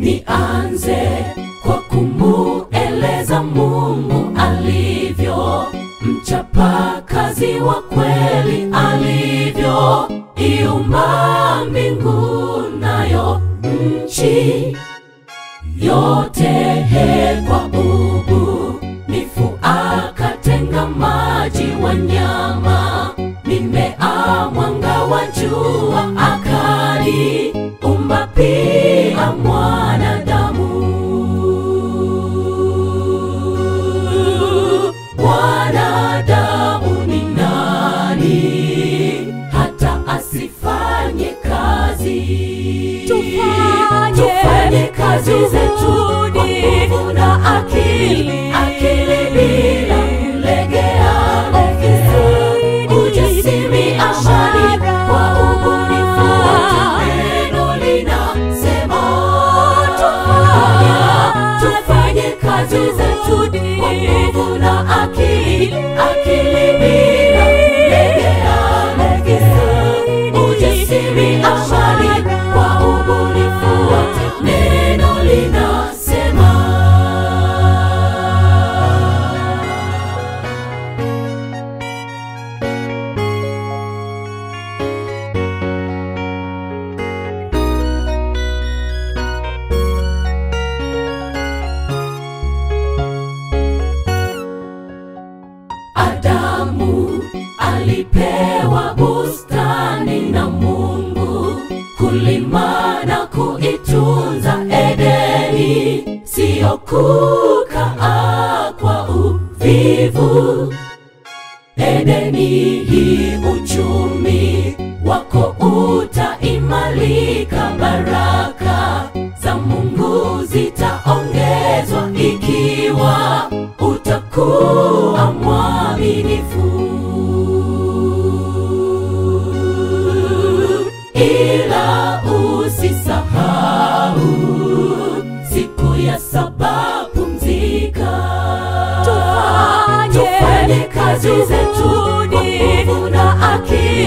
nianze kwa kumueleza Mungu alivyo mchapa kazi wa kweli alivyo iumba mbingu nayo nchi yote he kwa bubu mifu akatenga maji wanyama mimea mwanga wa jua tulipewa bustani na Mungu kulima na kuitunza Edeni, sio kukaa ah, kwa uvivu. Edeni hii uchumi wako utaimalika, baraka za Mungu zitaongezwa ikiwa utakuwa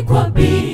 fico